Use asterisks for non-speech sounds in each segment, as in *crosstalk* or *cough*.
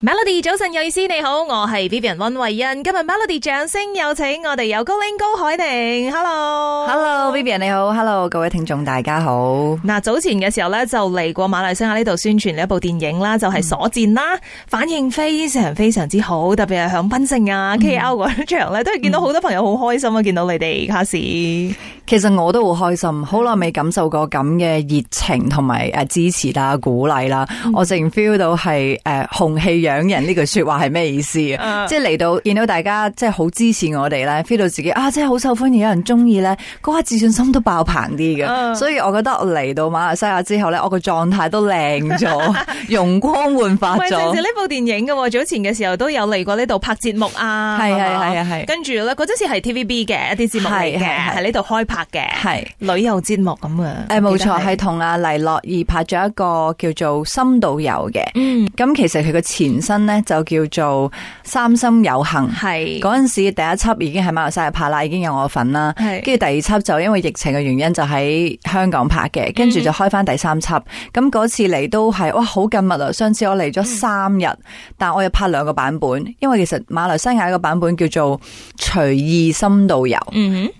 Melody 早晨，睿思你好，我係 Vivian 溫慧欣。今日 Melody 掌聲有請我哋有高 Ling 高海寧。Hello，Hello，Vivian Hello，你好，Hello，各位聽眾大家好。嗱，早前嘅時候咧就嚟過馬來西亞呢度宣傳一部電影啦，就係、是、所戰啦、嗯，反應非常非常之好，特別係響檳城啊 KL 嗰場咧，都係見到好多朋友好開心啊、嗯！見到你哋卡士，其實我都好開心，好耐未感受過咁嘅熱情同埋誒支持啦、鼓勵啦，我直情 feel 到係誒、呃、紅氣。養人呢句說話係咩意思？uh, 是是啊？即係嚟到見到大家即係好支持我哋咧，feel 到自己啊，即係好受歡迎，有人中意咧，嗰、那、下、個、自信心都爆棚啲嘅。Uh, 所以我覺得嚟到馬來西亞之後咧，我個狀態都靚咗， *laughs* 容光煥發咗。係呢部電影嘅，早前嘅時候都有嚟過呢度拍節目啊，係係係啊係。跟住咧嗰陣時係 T V B 嘅一啲節目嚟喺呢度開拍嘅，係旅遊節目咁嘅。誒，冇錯，係同阿黎樂怡拍咗一個叫做《深度遊》嘅。嗯，咁其實佢個前本身呢就叫做三生有幸，係嗰陣時第一輯已經喺馬來西亞拍啦，已經有我份啦，跟住第二輯就因為疫情嘅原因，就喺香港拍嘅，跟、mm-hmm. 住就開翻第三輯。咁嗰次嚟都係哇好緊密啊！上次我嚟咗三日，mm-hmm. 但係我又拍兩個版本，因為其實馬來西亞一個版本叫做隨意深導遊，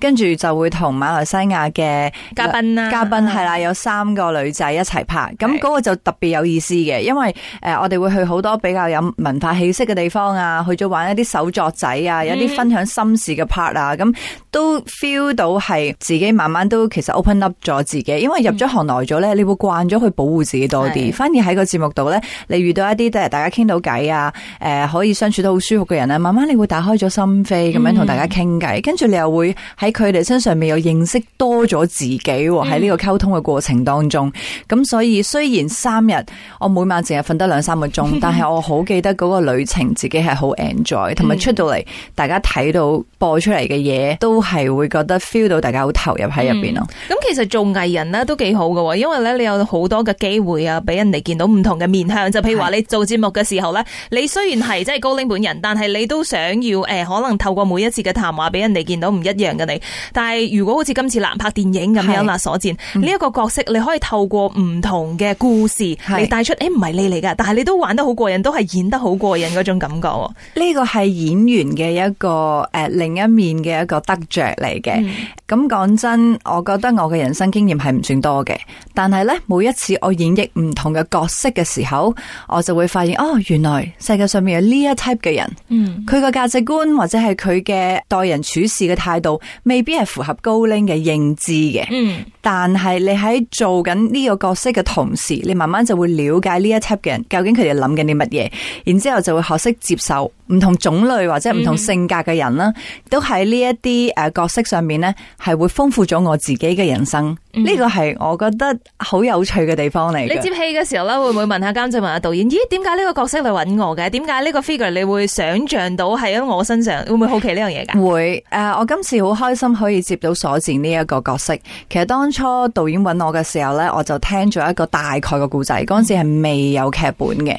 跟住、mm-hmm. 就會同馬來西亞嘅嘉賓啦，嘉賓係、啊、啦，有三個女仔一齊拍，咁嗰個就特別有意思嘅，因為誒、呃、我哋會去好多比較。有文化氣息嘅地方啊，去咗玩一啲手作仔啊，有啲分享心事嘅 part 啊，咁、嗯、都 feel 到係自己慢慢都其實 open up 咗自己，因為入咗行耐咗咧，你會慣咗去保護自己多啲，反而喺個節目度咧，你遇到一啲即係大家傾到偈啊，誒可以相處得好舒服嘅人咧，慢慢你會打開咗心扉，咁樣同大家傾偈，跟、嗯、住你又會喺佢哋身上面又認識多咗自己喺呢個溝通嘅過程當中，咁、嗯、所以雖然三日我每晚淨係瞓得兩三個鐘，但係我好。好記得嗰個旅程，自己係好 enjoy，同埋出到嚟，大家睇到播出嚟嘅嘢，都係會覺得 feel 到大家好投入喺入邊咯。咁、嗯嗯、其實做藝人呢都幾好噶，因為呢你有好多嘅機會啊，俾人哋見到唔同嘅面向。就譬如話你做節目嘅時候呢，你雖然係即係高海寧本人，但係你都想要誒、呃，可能透過每一次嘅談話，俾人哋見到唔一樣嘅你。但係如果好似今次南拍電影咁樣啦，所見呢一、嗯這個角色，你可以透過唔同嘅故事你帶出，誒唔係你嚟噶，但係你都玩得好過癮，都係。演得好過癮嗰種感覺，呢個係演員嘅一個誒、呃、另一面嘅一個得着嚟嘅。咁、嗯、講真，我覺得我嘅人生經驗係唔算多嘅，但係咧每一次我演繹唔同嘅角色嘅時候，我就會發現哦，原來世界上面有呢一 type 嘅人，嗯，佢個價值觀或者係佢嘅待人處事嘅態度，未必係符合高齡嘅認知嘅，嗯。但係你喺做緊呢個角色嘅同時，你慢慢就會了解呢一 type 嘅人究竟佢哋諗緊啲乜嘢。然之後就會學識接受唔同種類或者唔同性格嘅人啦，mm-hmm. 都喺呢一啲誒角色上面呢，係會豐富咗我自己嘅人生。呢個係我覺得好有趣嘅地方嚟。你接戲嘅時候呢，會唔會問下監製問下導演？咦，點解呢個角色嚟搵我嘅？點解呢個 figure 你會想象到係喺我身上？會唔會好奇呢樣嘢噶？會誒，我今次好開心可以接到所展呢一個角色。其實當初導演搵我嘅時候呢，我就聽咗一個大概嘅故仔，嗰陣時係未有劇本嘅。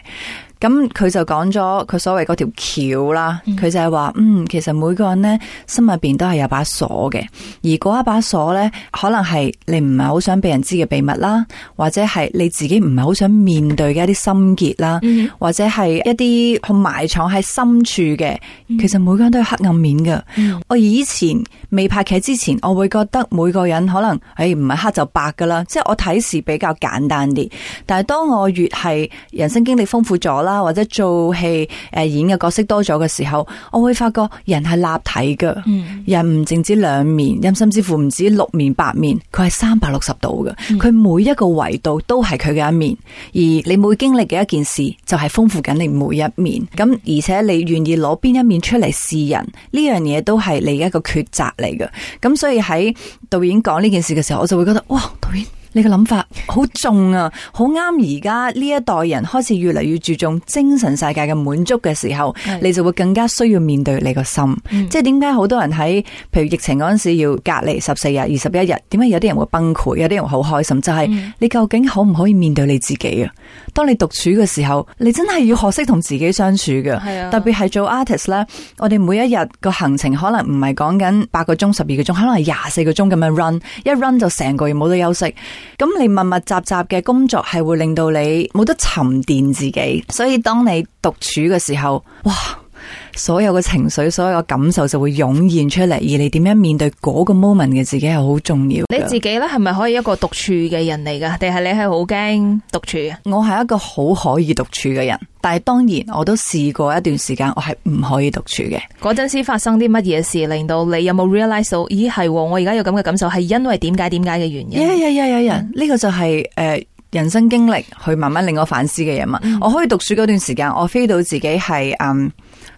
咁佢就講咗佢所謂嗰條橋啦，佢就係話，嗯，其實每個人咧心入邊都係有把鎖嘅，而嗰一把鎖咧，可能係你唔係好想俾人知嘅秘密啦，或者係你自己唔係好想面對嘅一啲心結啦，或者係一啲埋藏喺深處嘅，其實每個人都有黑暗面嘅，嗯。我以前未拍劇之前，我會覺得每個人可能，誒唔係黑就白噶啦，即係我睇時比較簡單啲。但係當我越係人生經歷豐富咗啦。啦，或者做戲誒演嘅角色多咗嘅時候，我會發覺人係立體嘅，mm. 人唔淨止兩面，甚至乎唔止六面八面，佢係三百六十度嘅，佢、mm. 每一個維度都係佢嘅一面。而你每經歷嘅一件事，就係、是、豐富緊你每一面。咁、mm. 而且你願意攞邊一面出嚟示人呢樣嘢，都係你嘅一個抉擇嚟嘅。咁所以喺導演講呢件事嘅時候，我就會覺得哇，導演。你個諗法好重啊！好啱，而家呢一代人開始越嚟越注重精神世界嘅滿足嘅時候，你就會更加需要面對你個心。嗯、即係點解好多人喺，譬如疫情嗰陣時要隔離十四日、二十一日，點解有啲人會崩潰，有啲人好開心？就係、是、你究竟可唔可以面對你自己啊？當你獨處嘅時候，你真係要學識同自己相處嘅。特別係做 artist 呢，我哋每一日個行程可能唔係講緊八個鐘、十二個鐘，可能係廿四個鐘咁樣 run，一 run 就成個月冇得休息。咁你密密集集嘅工作係會令到你冇得沉澱自己，所以當你獨處嘅時候，哇！所有嘅情緒，所有嘅感受就會湧現出嚟，而你點樣面對嗰個 moment 嘅自己係好重要。你自己呢，係咪可以一個獨處嘅人嚟噶？定係你係好驚獨處？我係一個好可以獨處嘅人，但係當然我都試過一段時間，我係唔可以獨處嘅。嗰陣時發生啲乜嘢事，令到你有冇 realize 到？咦，係我而家有咁嘅感受，係因為點解點解嘅原因？有有有人，呢、呢個就係誒人生經歷去慢慢令我反思嘅嘢嘛。我可以獨處嗰段時間，我 feel 到自己係嗯。Um,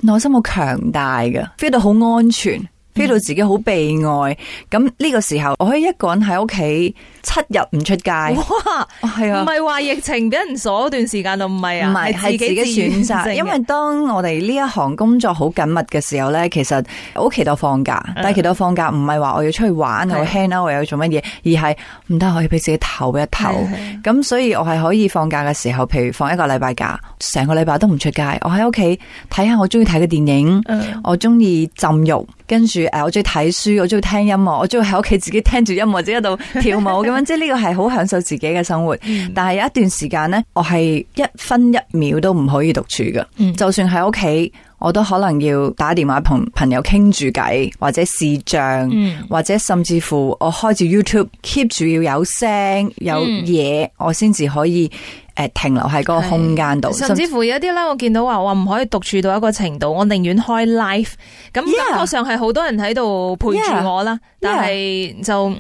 內心好強大嘅，feel 到好安全。e feel 到自己好悲哀，咁呢個時候我可以一個人喺屋企七日唔出街，哇，係啊，唔係話疫情俾人鎖段時間咯，唔係啊，唔係自己選擇。因為當我哋呢一行工作好緊密嘅時候咧，其實好期待放假，嗯、但係期待放假唔係話我要出去玩，我輕啦，我又要、啊、要做乜嘢，而係唔得可以俾自己唞一唞。咁、嗯、所以我係可以放假嘅時候，譬如放一個禮拜假，成個禮拜都唔出街，我喺屋企睇下我中意睇嘅電影，嗯、我中意浸浴，跟住。誒，我中意睇書，我中意聽音樂，我中意喺屋企自己聽住音樂，只喺度跳舞咁樣，即係呢個係好享受自己嘅生活。但係有一段時間呢，我係一分一秒都唔可以獨處嘅，就算喺屋企。我都可能要打電話同朋友傾住偈，或者視像、嗯，或者甚至乎我開住 YouTube，keep 住要有聲有嘢、嗯，我先至可以誒、呃、停留喺嗰個空間度。甚至乎有啲咧，我見到話我唔可以獨處到一個程度，我寧願開 live，咁感覺上係好多人喺度陪住我啦，yeah, yeah, 但係就。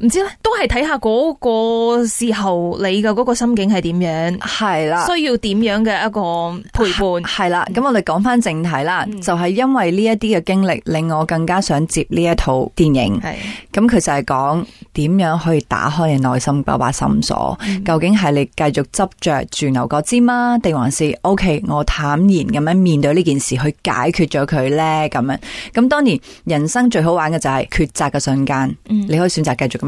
唔知咧，都係睇下嗰個時候你嘅嗰個心境係點樣，係啦，需要點樣嘅一個陪伴，個陪伴，係啦。咁我哋講翻正題啦，嗯、就係因為呢一啲嘅經歷，令我更加想接呢一套電影。係、嗯、咁，佢就係講點樣去打開你內心把把心鎖，嗯、究竟係你繼續執着住牛角尖啊，定還是 OK？我坦然咁樣面對呢件事，去解決咗佢咧。咁樣咁當然人生最好玩嘅就係抉擇嘅瞬間，嗯、你可以選擇繼續咁。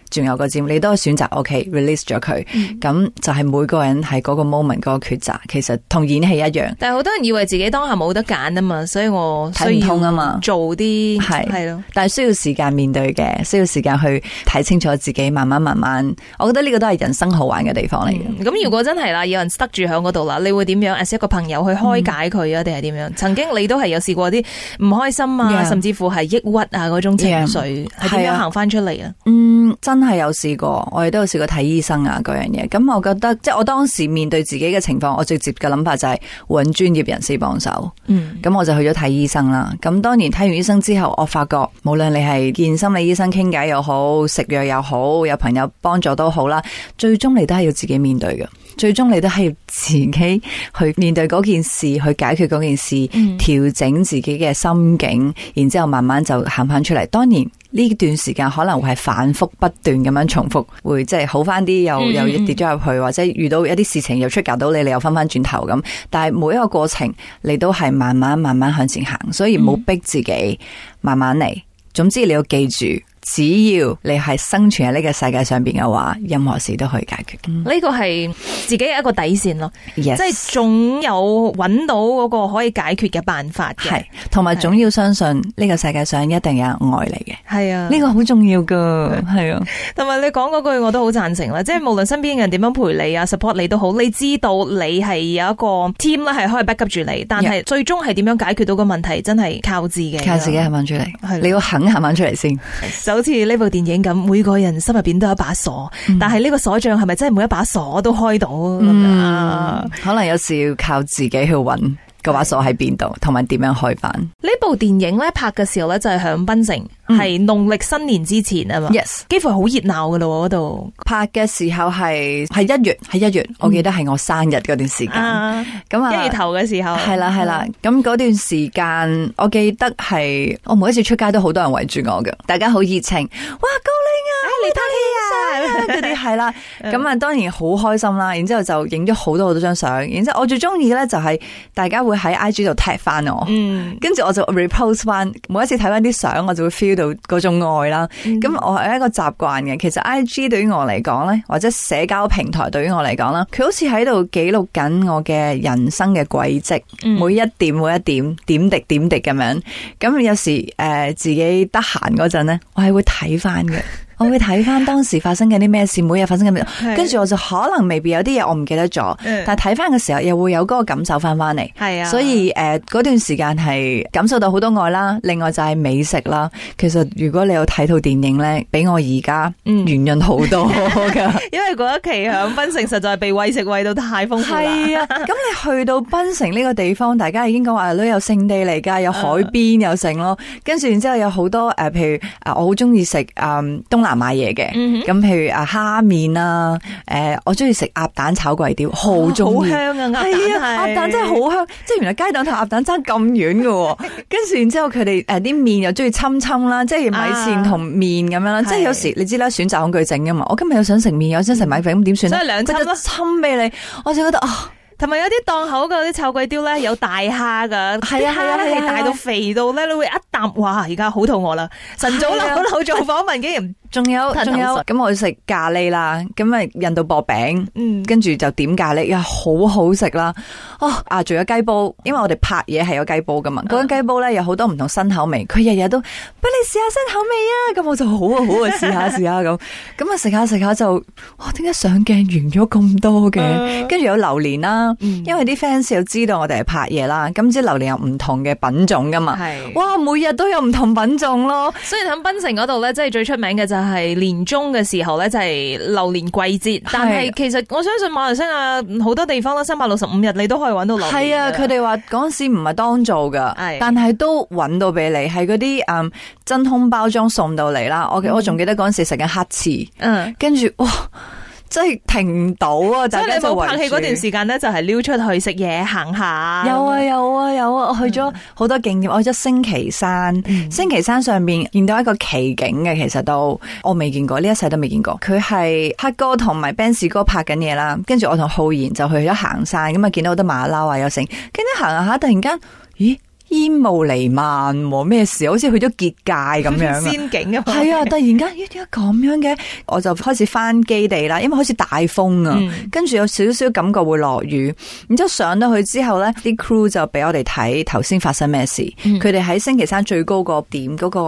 仲有個節目，你都係選擇，OK，release 咗佢，咁、okay, 嗯、就係每個人喺嗰個 moment 嗰個抉擇，其實同演戲一樣。但係好多人以為自己當下冇得揀啊嘛，所以我睇唔通啊嘛，做啲係係咯，但係需要時間面對嘅，需要時間去睇清楚自己，慢慢慢慢，我覺得呢個都係人生好玩嘅地方嚟嘅。咁、嗯、如果真係啦，有人塞住喺嗰度啦，你會點樣？作為一個朋友去開解佢啊，定係點樣？曾經你都係有試過啲唔開心啊，yeah, 甚至乎係抑鬱啊嗰種情緒，係、yeah, 點樣行翻出嚟啊？嗯真係有試過，我哋都有試過睇醫生啊，嗰樣嘢。咁我覺得，即係我當時面對自己嘅情況，我最接嘅諗法就係搵專業人士幫手。嗯，咁我就去咗睇醫生啦。咁當年睇完醫生之後，我發覺無論你係見心理醫生傾偈又好，食藥又好，有朋友幫助都好啦，最終你都係要自己面對嘅。最終你都係要自己去面對嗰件事，去解決嗰件事，調整自己嘅心境，然之後慢慢就行翻出嚟。當然呢段時間可能會係反覆不斷咁樣重複，會即係好翻啲，又又跌咗入去，或者遇到一啲事情又出嚟搞到你，你又翻翻轉頭咁。但係每一個過程你都係慢慢慢慢向前行，所以唔好逼自己，慢慢嚟。總之你要記住。只要你係生存喺呢個世界上邊嘅話，任何事都可以解決。呢、嗯這個係自己嘅一個底線咯，yes. 即係總有揾到嗰個可以解決嘅辦法的。係同埋總要相信呢個世界上一定有愛你嘅。係啊，呢、這個好重要噶。係啊，同埋、啊、你講嗰句我都好讚成啦。即係無論身邊嘅人點樣陪你啊、support 你都好，你知道你係有一個 team 咧係可以 backup 住你，但係最終係點樣解決到個問題，真係靠自己。靠自己行返出嚟，你要肯行返出嚟先。 *laughs* 好似呢部電影咁，每個人心入邊都有一把鎖，嗯、但係呢個鎖匠係咪真係每一把鎖都開到？咁樣、嗯，可能有時要靠自己去揾。個把鎖喺邊度，同埋點樣開返？呢部電影咧拍嘅時候咧，就係響檳城，係農曆新年之前啊嘛，yes，幾乎好熱鬧喇咯，嗰度拍嘅時候係係一月，係一月、嗯，我記得係我生日嗰段時間，咁啊，啊，一月頭嘅時候，係啦係啦，咁嗰段時間、嗯、我記得係我每一次出街都好多人圍住我嘅，大家好熱情，哇！咁你係啦，咁 *laughs* 啊 *laughs* 當然好開心啦。然之後就影咗好多好多張相。然之後我最中意咧，就係大家會喺 I G 度踢翻我，嗯，跟住我就 repost 翻。每一次睇翻啲相，我就會 feel 到嗰種愛啦。咁、嗯、我係一個習慣嘅。其實 I G 對於我嚟講咧，或者社交平台對於我嚟講啦，佢好似喺度記錄緊我嘅人生嘅軌跡，每一點、每一點、點滴、點滴咁樣。咁有時誒、呃、自己得閒嗰陣咧，我係會睇翻嘅。 *laughs* *laughs* 我會睇翻當時發生緊啲咩事，每日發生緊咩，跟住我就可能未必有啲嘢我唔記得咗，但係睇翻嘅時候又會有嗰個感受翻翻嚟，係啊，所以誒嗰、uh，段時間係感受到好多愛啦，另外就係美食啦。其實如果你有睇套電影咧，比我而家圓潤好多噶 *laughs* ，因為嗰一期響檳城實在係被餵食餵到太豐富係 *laughs* 啊，咁你去到檳城呢個地方， *laughs* 大家已經講話旅遊勝地嚟噶，有海邊又盛咯，跟住然之後有好多誒、呃，譬如啊，我好中意食誒東南買嘢嘅，咁譬如蝦麵啊蝦麵啦，誒、呃，我中意食鴨蛋炒貴雕，好中意，好香鴨是是啊！係、 *laughs* *laughs* 呃、啊，鴨蛋真係好香，即係原來雞蛋同鴨蛋差咁遠噶。跟住然之後佢哋誒啲麵又中意摻摻啦，即係米綫同麵咁樣啦。即係有時你知啦，選擇恐懼症噶嘛。我今日又想食麵，又想食米粉，咁點算咧？即係兩摻咯，摻俾你。我就覺得同埋、哦、有啲檔口啲炒貴雕咧有大蝦噶，啲蝦咧係大到肥到咧，會一啖哇！而家好肚餓啦，晨早流流做訪問竟然。仲有仲有咁我食咖喱啦，咁咪印度薄餅，跟、嗯、住就點咖喱，呀好好食啦。哦啊，仲有雞煲，因為我哋拍嘢係有雞煲噶嘛。嗰種雞煲咧有好多唔同新口味，佢日日都俾你試下新口味啊。咁我就好啊好去試下試下咁。咁 *laughs* 啊食下食下就哇，點解上鏡完咗咁多嘅？跟、嗯、住有榴蓮啦，因為啲 fans 又知道我哋係拍嘢啦。咁知榴蓮有唔同嘅品種噶嘛？哇，每日都有唔同品種咯。所以喺檳城嗰度咧，即係最出名嘅就。係年中嘅時候咧，就係、是、榴蓮季節。但係其實我相信馬來西亞好多地方啦，三百六十五日，你都可以揾到榴蓮。係啊，佢哋話嗰陣時唔係當造噶，係但係都揾到俾你，係嗰啲嗯真空包裝送到嚟啦。我我仲記得嗰陣時食緊黑刺，嗯、跟住哇！即係停唔到啊！就係你冇拍戲嗰段時間咧，就係溜出去食嘢、行下。有啊，有啊，有啊！我去咗好多景點，嗯、我去咗星期山。星期山上邊見到一個奇景嘅，其實都我未見過，呢一世都未見過。佢係黑哥同埋 Ben 士哥拍緊嘢啦，跟住我同浩然就去咗行山，咁啊見到好多馬騮啊，有成。跟住行下下，突然間，咦？煙霧彌漫，咩事？好似去咗結界咁樣。仙境啊！係啊，突然間，咦，點解咁樣嘅？我就開始返基地啦，因為好似大風啊，跟、嗯、住有少少感覺會落雨。然之後上到去之後呢，啲 crew 就俾我哋睇頭先發生咩事。佢哋喺星期三最高點、嗰個點嗰個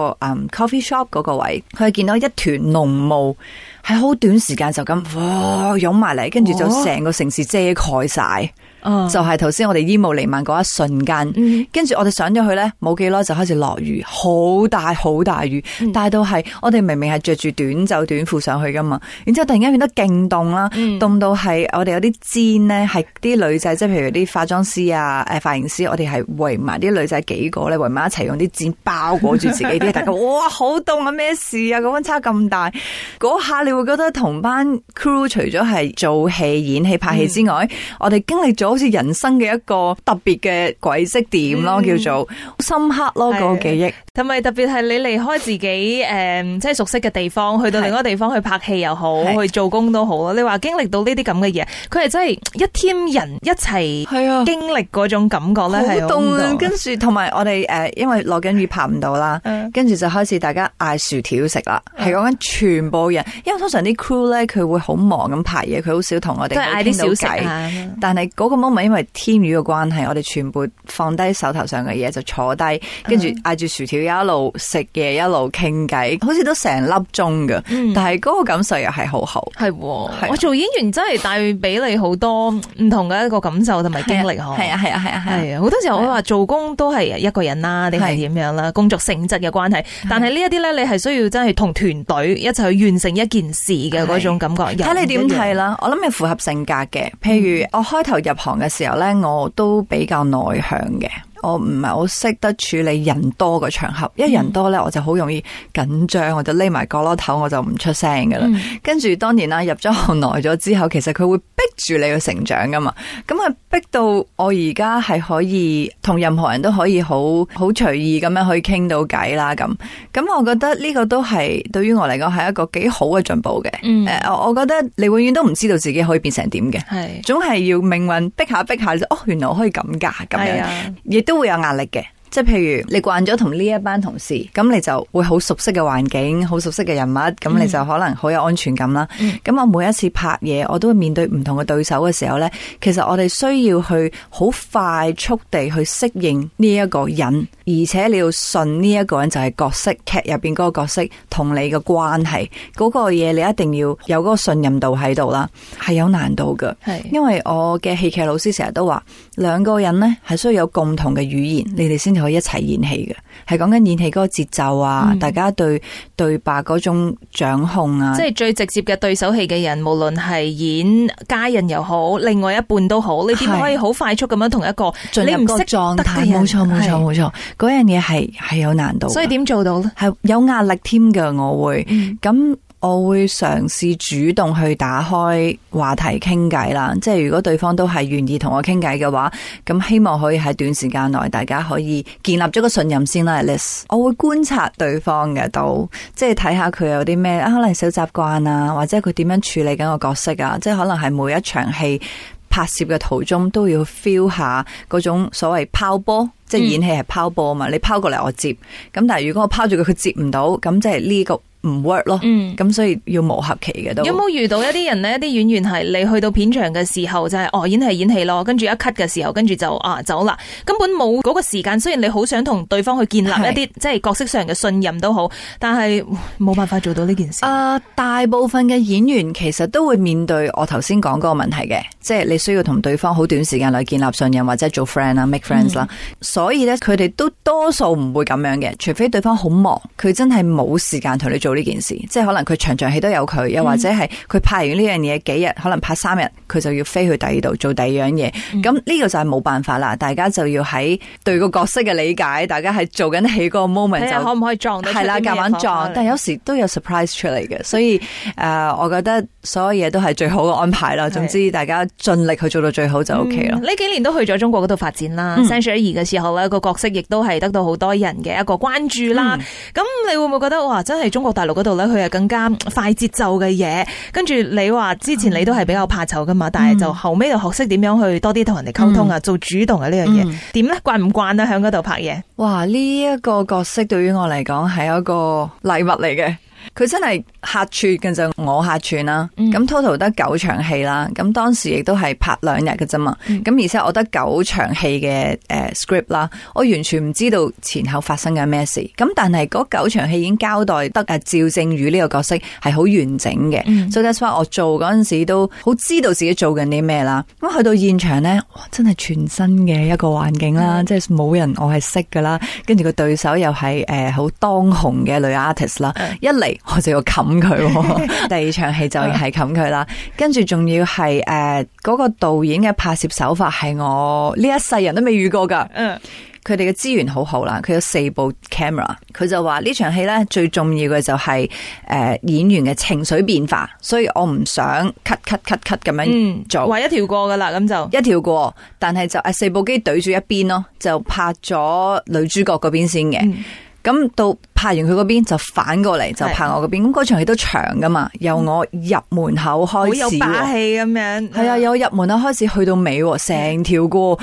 coffee shop 嗰個位，佢係見到一團濃霧喺好短時間就咁哇湧埋嚟，跟住就成個城市遮蓋晒。Oh. 就係頭先我哋煙霧彌漫嗰一瞬間，跟、嗯、住我哋上咗去呢，冇幾耐就開始落雨，好大好大雨，大、嗯、到係我哋明明係着住短袖短褲上去噶嘛，然之後突然間變得勁凍啦，凍、嗯、到係我哋有啲氈呢，係啲女仔，即係譬如啲化妝師啊，誒、呃、髮型師，我哋係圍埋啲女仔幾個咧，圍埋一齊用啲氈包裹住自己啲， *laughs* 大家覺得哇好凍啊，咩事啊，個溫差咁大，嗰下你會覺得同班 crew 除咗係做戲演戲拍戲之外，嗯、我哋經歷咗。好似人生嘅一個特別嘅軌跡點咯，叫做深刻咯，那個記憶。同埋特別係你離開自己誒、嗯，即係熟悉嘅地方，去到另一個地方去拍戲又好，去做工都好咯。你話經歷到呢啲咁嘅嘢，佢係真係一 team 人一齊係啊經歷嗰種感覺咧，係好凍。跟住同埋我哋誒、呃，因為落緊雨拍唔到啦，跟住就開始大家嗌薯條食啦。係講緊全部人，因為通常啲 crew 咧佢會好忙咁拍嘢，佢好少同我哋嗌啲小食，啊，但係嗰，那個。因為天雨嘅關係，我哋全部放低手頭上嘅嘢，就坐低，跟住嗌住薯條，一路食嘢，一路傾偈，好似都成粒鐘噶。嗯、但係嗰個感受又係好好，係我做演員真係帶俾你好多唔同嘅一個感受同埋經歷。係啊，係啊，係啊，係啊，好多時候我話做工都係一個人啦，定係點樣啦？工作性質嘅關係，但係呢一啲咧，你係需要真係同團隊一齊去完成一件事嘅嗰種感覺。睇你點睇啦？我諗你符合性格嘅，譬如我開頭入。嘅時候咧，我都比較內向嘅。我唔係好識得處理人多嘅場合，嗯、一人多咧，我就好容易緊張，我就匿埋角落頭，我就唔出聲噶啦。嗯、跟住當然啦，入咗行耐咗之後，其實佢會逼住你去成長噶嘛。咁啊，逼到我而家係可以同任何人都可以好好隨意咁樣去傾到偈啦。咁咁，我覺得呢個都係對於我嚟講係一個幾好嘅進步嘅。誒、嗯呃，我我覺得你永遠都唔知道自己可以變成點嘅，係總係要命運逼下逼下，哦，原來我可以咁噶，咁樣，亦都。都會有壓力嘅。即係譬如你慣咗同呢一班同事，咁你就會好熟悉嘅環境，好熟悉嘅人物，咁你就可能好有安全感啦。咁、嗯、我每一次拍嘢，我都會面對唔同嘅對手嘅時候咧，其實我哋需要去好快速地去適應呢一個人，而且你要信呢一個人就係角色、嗯、劇入邊嗰個角色同你嘅關係嗰、嗰個嘢，你一定要有個信任度喺度啦，係有難度嘅。係因為我嘅戲劇老師成日都話，兩個人咧係需要有共同嘅語言，你哋先。我一齊演戲嘅，係講緊演戲嗰個節奏啊、嗯，大家對對白嗰種掌控啊，即係最直接嘅對手戲嘅人，無論係演家人又好，另外一半都好，你點可以好快速咁樣同一個進入個狀態？冇錯，冇錯，冇錯，嗰樣嘢係係有難度，所以點做到咧？係有壓力添嘅，我會咁。嗯我會嘗試主動去打開話題傾偈啦，即係如果對方都係願意同我傾偈嘅話，咁希望可以喺短時間內大家可以建立咗個信任先啦。A、list 我會觀察對方嘅、嗯、到，即係睇下佢有啲咩啊，可能小習慣啊，或者佢點樣處理緊個角色啊，即係可能係每一場戲拍攝嘅途中都要 feel 下嗰種所謂拋波，即係演戲係拋波啊嘛，你拋過嚟我接，咁但係如果我拋住佢，佢接唔到，咁即係呢個。唔 work 咯，咁、嗯、所以要磨合期嘅都。有冇遇到一啲人呢？一啲演員係你去到片場嘅時候就係、是、哦演係演戲咯，跟住一 cut 嘅時候跟住就啊走啦，根本冇嗰個時間。雖然你好想同對方去建立一啲即係角色上嘅信任都好，但係冇辦法做到呢件事、呃。啊，大部分嘅演員其實都會面對我頭先講嗰個問題嘅。即係你需要同對方好短時間內建立信任或者做 friend 啦，make friends 啦、嗯。所以咧，佢哋都多數唔會咁樣嘅，除非對方好忙，佢真係冇時間同你做呢件事。即係可能佢場場戲都有佢，又或者係佢拍完呢樣嘢幾日，可能拍三日佢就要飛去第二度做第二樣嘢。咁、嗯、呢個就係冇辦法啦，大家就要喺對個角色嘅理解，大家喺做緊戲嗰個 moment 就可唔可以撞到？係啦，夾硬撞，但係有時都有 surprise 出嚟嘅。所以誒、 *laughs* 呃，我覺得所有嘢都係最好嘅安排啦。總之，大家。盡力去做到最好就 OK 啦、嗯。呢幾年都去咗中國嗰度發展啦。嗯《三少爺》嘅時候呢個角色亦都係得到好多人嘅一個關注啦。咁、嗯、你會唔會覺得哇，真係中國大陸嗰度呢，佢係更加快節奏嘅嘢？跟住你話之前你都係比較怕醜噶嘛，嗯、但係就後尾就學識點樣去多啲同人哋溝通啊、嗯，做主動啊呢、嗯、樣嘢。點呢？慣唔慣啊？響嗰度拍嘢？哇！呢、這、一個角色對於我嚟講係一個禮物嚟嘅。佢真係客串嘅就我客串啦，咁 total 得九場戲啦，咁當時亦都係拍兩日嘅啫嘛，咁、嗯、而且我得九場戲嘅誒 script 啦，我完全唔知道前後發生緊咩事，咁但係嗰九場戲已經交代得誒趙正宇呢個角色係好完整嘅、嗯，所以 that’s why 我做嗰陣時都好知道自己做緊啲咩啦，咁去到現場咧，哇真係全新嘅一個環境啦、嗯，即係冇人我係識噶啦，跟住個對手又係誒好當紅嘅女 artist 啦、嗯，一嚟。我就要冚佢，第二場戲就係冚佢啦。跟住仲要係誒，嗰個導演嘅拍攝手法係我呢一世人都未遇過噶。嗯，佢哋嘅資源好好啦，佢有四部 camera。佢就話呢場戲咧，最重要嘅就係誒演員嘅情緒變化，所以我唔想 cut cut cut cut 咁樣做、嗯，話一條過噶啦，咁就一條過。但係就誒四部機對住一邊咯，就拍咗女主角嗰邊先嘅。咁到拍完佢嗰邊就反過嚟就拍我嗰邊，咁嗰、啊、場戲都長噶嘛，由我入門口開始，好有霸氣咁樣，係啊，由我入門口開始去到尾，成條歌。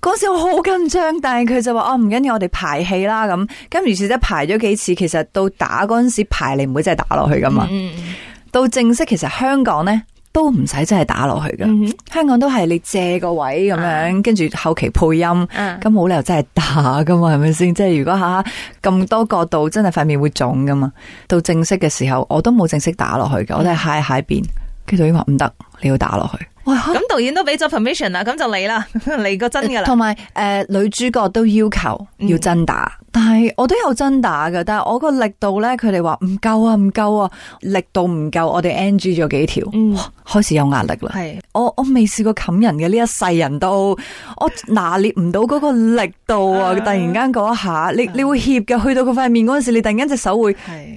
嗰 *laughs* 時我好緊張，但係佢就話 *laughs* 哦，唔緊要，我哋排戲啦咁，咁於是即係排咗幾次，其實到打嗰陣時排你唔會真係打落去噶嘛， *laughs* 到正式其實香港呢。都唔使真係打落去嘅，mm-hmm. 香港都係你借個位咁樣，跟、uh-huh. 住後期配音，咁、uh-huh. 冇理由真係打噶嘛，係咪先？即係如果下,下，咁多角度，真係塊面會腫噶嘛？到正式嘅時候，我都冇正式打落去嘅，mm-hmm. 我都係喺喺邊。跟住導演話唔得，你要打落去。咁導演都俾咗 permission 啦，咁就嚟啦，嚟個真噶啦。同埋誒，女主角都要求要真打。Mm-hmm. 但係我都有真打㗎，但係我個力度咧，佢哋話唔夠啊，唔夠啊，力度唔夠，我哋 NG 咗幾條、嗯，哇，開始有壓力啦。係我我未試過冚人嘅呢一世人都我拿捏唔到嗰個力度啊！ *laughs* 突然間嗰下，你你會怯嘅，去到佢塊面嗰陣時，你突然間隻手會，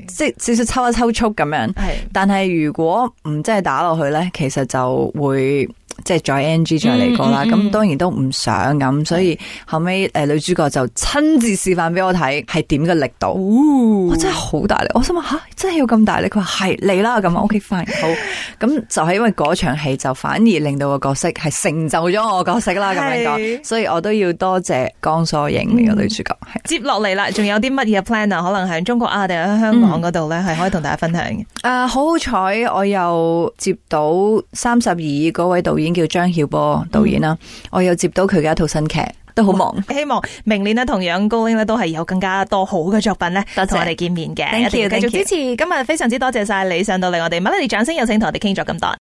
即係少少抽一抽速咁樣。係，但係如果唔真係打落去咧，其實就會。即係再 NG 再嚟過啦，咁、嗯嗯嗯、當然都唔想咁，所以後尾誒女主角就親自示範俾我睇係點嘅力度，我、哦哦、真係好大力，我想話吓真係要咁大力，佢話係嚟啦咁，OK fine 好，咁、 *laughs* 嗯、就係、是、因為嗰場戲就反而令到個角色係成就咗我角色啦，咁樣講，所以我都要多謝江疏影呢個女主角。接落嚟啦，仲有啲乜嘢 plan 啊？可能喺中國啊，定喺香港嗰度咧，係可以同大家分享嘅。誒、嗯嗯呃，好彩我又接到三十二嗰位導演。叫張曉波導演啦，嗯、我有接到佢嘅一套新劇，都好忙，希望明年咧同樣高英咧都係有更加多好嘅作品咧，多同我哋見面嘅，一定要繼續支持。謝謝，今日非常之多謝晒你上到嚟，我哋 Melody 你掌聲有請同我哋傾咗咁多。